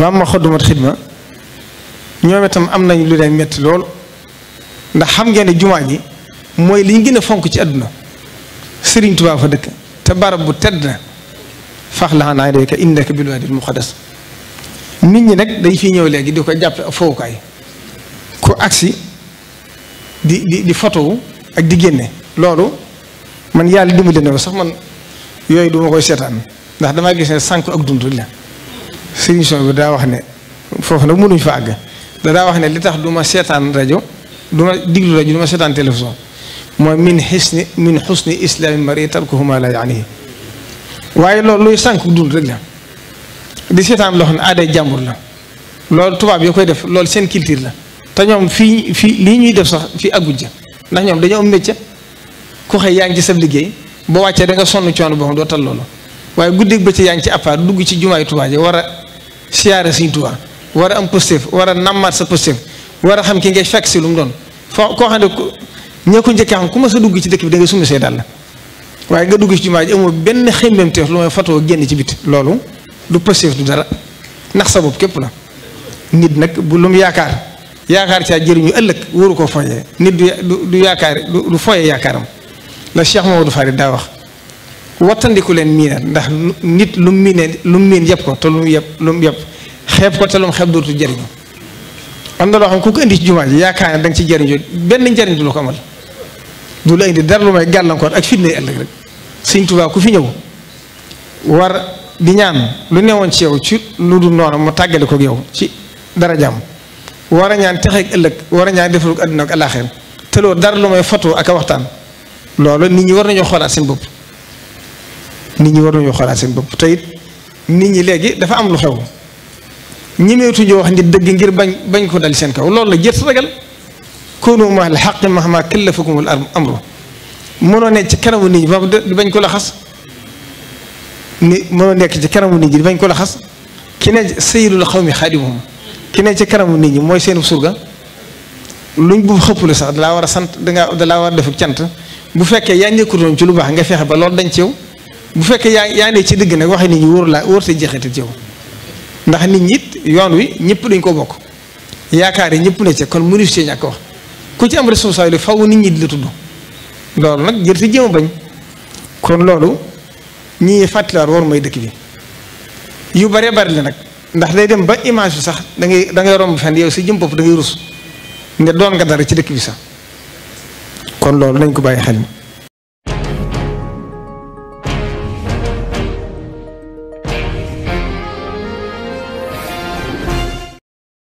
maam ma xoddumat xidma ñoom itam am nañ lu leen metti lool ndax xam ngeen ne jumaa ji mooy liñ gën a fonk ci àdduna Sëriñ Tuubaa fa dëkk te barab bu tedd na fax la naa dee ka indaka bil waadil muqaddas nit ñi nag dañ fiy ñëw léegi di ko jàppe ak fowukaay ku agsi di di di fotowu ak di génne loolu man yàlla dimbali na sax man yooyu duma koy seetaan ndax damaa gis ne sànq ak dund la sëriñ son bi daa wax ne foofu nag mënuñ fa àgg da wax ne li tax du ma seetaan rajo du ma diglu rajo du ma seetaan télévision mooy min xisni min xusni islaami mari tarkuhu ma la yaanihi waaye lool luy sànq dund rek la di seetaan loo xam ne aaday jàmbur la loolu tubaab yoo koy def lool seen culture la te ñoom fii fii lii ñuy def sax fii àgguñ ca ndax ñoom dañoo am métier ku xëy yaa ngi ci sa liggéey boo wàccee da nga sonn coono boo xam doo tal loolu waaye guddeeg ci appart siyaare Sëriñ Tuubaa war a am positif war a nammaat sa positif war xam ki ngay fekk si lu mu doon foo koo xam ne ñoo ko njëkkee xam ku ma sa dugg ci dëkk bi da nga summi say dàll waaye nga dugg ci jumaa ji amoo benn xemmem teef lu may fatoo génn ci biti loolu du positif du dara ndax sa bopp képp la nit nag bu lu yaakaar yaakaar ca jëriñu ëllëg waru ko foyee nit du du yaakaar du foyee yaakaaram la Cheikh Mamadou Farid daa wax wattandiku leen miinat ndax nit lu mu miinee lu mu miin yëpp ko te lu mu yëpp lu yëpp xeeb ko te lu mu xeeb dootu jëriñu am na loo xam ku ko indi ci jumaa ji yaakaar na danga ci jëriñu benn njariñ du lu ko amal du la indi dara lu may gàllankoor ak fitna ëllëg rek Sëñ ku fi ñëw war di ñaan lu newoon ci yow ci lu dul noonu mu tàggale ko yow ci dara jàmm war a ñaan texeeg ëllëg war a ñaan defaru àdduna ak àllaaxeer te loolu dara lu may foto ak waxtaan loolu nit ñi war nañoo xoolaat seen bopp nit ñi war nañoo xoolaat seen bopp teyit nit ñi léegi dafa am lu xew ñemeetuñu wax nit dëgg ngir bañ bañ ko dal seen kaw loolu la jërt ragal kunu ma al xaqi mahma kallafakum al amru mënoo nekk ci kanamu nit ñi ba di bañ ko la xas ni mënoo nekk ci kanamu nit ñi di bañ ko la xas ki ne sayyidul xawmi xaadimuhum ki ne ci kanamu nit ñi mooy seen surga luñ bu xëpp la sax dalaa war a sant dangaa dalaa war a def ak cant bu fekkee yaa njëkkutoon ci lu baax nga fexe ba loolu dañ ci yow bu fekkee yaa yaa ne ci dëgg nag waxe nit ñi wóor laa wóor sa jeexati ci yow ndax nit ñi yoon wi ñëpp dañ ko bokk yaakaar yi ñëpp ne ci kon mënu ci ñàkk wax ku ci am responsabilité faw nit ñi di la tudd loolu nag jël si jéem bañ kon loolu ñi ñuy war mooy dëkk bi yu bare bari la nag ndax day dem ba image bi sax da da ngay romb fenn yow si jëm bopp da ngay rus ne doon nga dara ci dëkk bi sax kon loolu nañ ko bàyyi xel mi